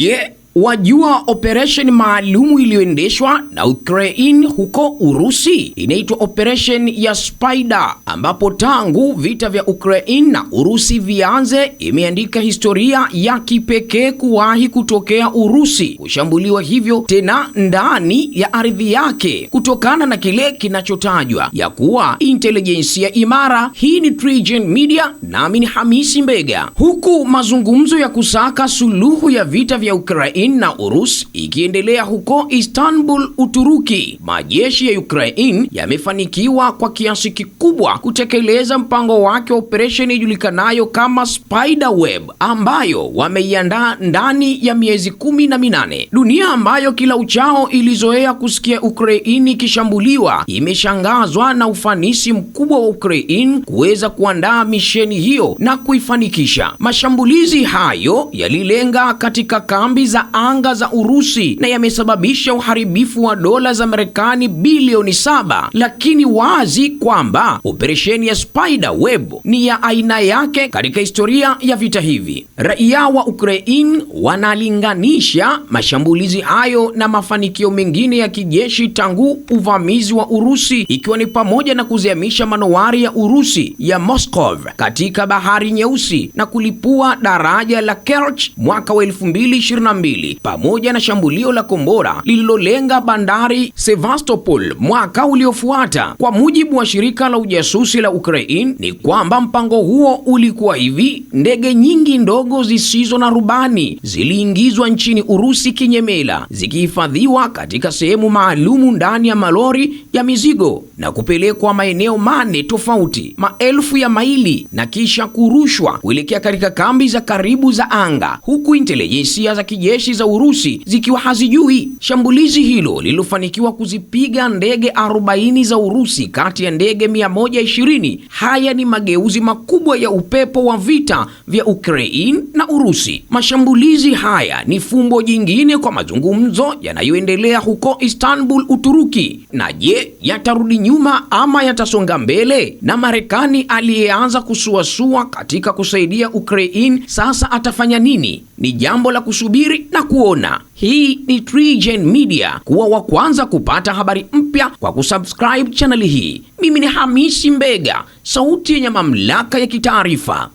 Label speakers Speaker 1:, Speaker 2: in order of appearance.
Speaker 1: Yeah. Wajua operation maalumu iliyoendeshwa na Ukraine huko Urusi inaitwa operation ya Spider, ambapo tangu vita vya Ukraine na Urusi vianze imeandika historia ya kipekee kuwahi kutokea Urusi kushambuliwa hivyo tena ndani ya ardhi yake, kutokana na kile kinachotajwa ya kuwa intelijensia imara. Hii ni TriGen Media, nami ni Hamisi Mbega, huku mazungumzo ya kusaka suluhu ya vita vya Ukraine Ukraine na Urusi ikiendelea huko Istanbul, Uturuki, majeshi ya Ukraine yamefanikiwa kwa kiasi kikubwa kutekeleza mpango wake wa operesheni ijulikanayo kama Spiderweb ambayo wameiandaa ndani ya miezi kumi na minane. Dunia ambayo kila uchao ilizoea kusikia Ukraine ikishambuliwa imeshangazwa na ufanisi mkubwa wa Ukraine kuweza kuandaa misheni hiyo na kuifanikisha. Mashambulizi hayo yalilenga katika kambi za anga za Urusi na yamesababisha uharibifu wa dola za Marekani bilioni saba, lakini wazi kwamba operesheni ya Spider Web ni ya aina yake katika historia ya vita hivi. Raia wa Ukraine wanalinganisha mashambulizi hayo na mafanikio mengine ya kijeshi tangu uvamizi wa Urusi, ikiwa ni pamoja na kuzihamisha manowari ya Urusi ya Moscow katika bahari Nyeusi na kulipua daraja la Kerch mwaka wa 2022 mbili pamoja na shambulio la kombora lililolenga bandari Sevastopol mwaka uliofuata. Kwa mujibu wa shirika la ujasusi la Ukraine, ni kwamba mpango huo ulikuwa hivi: ndege nyingi ndogo zisizo na rubani ziliingizwa nchini Urusi kinyemela, zikihifadhiwa katika sehemu maalumu ndani ya malori ya mizigo na kupelekwa maeneo mane tofauti, maelfu ya maili, na kisha kurushwa kuelekea katika kambi za karibu za anga, huku intelijensia za kijeshi nchi za Urusi zikiwa hazijui. Shambulizi hilo lililofanikiwa kuzipiga ndege 40 za Urusi kati ya ndege 120. Haya ni mageuzi makubwa ya upepo wa vita vya Ukraine na Urusi. Mashambulizi haya ni fumbo jingine kwa mazungumzo yanayoendelea huko Istanbul, Uturuki. Na je, yatarudi nyuma ama yatasonga mbele? Na Marekani aliyeanza kusuasua katika kusaidia Ukraine sasa atafanya nini? Ni jambo la kusubiri na na kuona. Hii ni TriGen Media, kuwa wa kwanza kupata habari mpya kwa kusubscribe chaneli hii. Mimi ni Hamisi Mbega, sauti yenye mamlaka ya kitaarifa.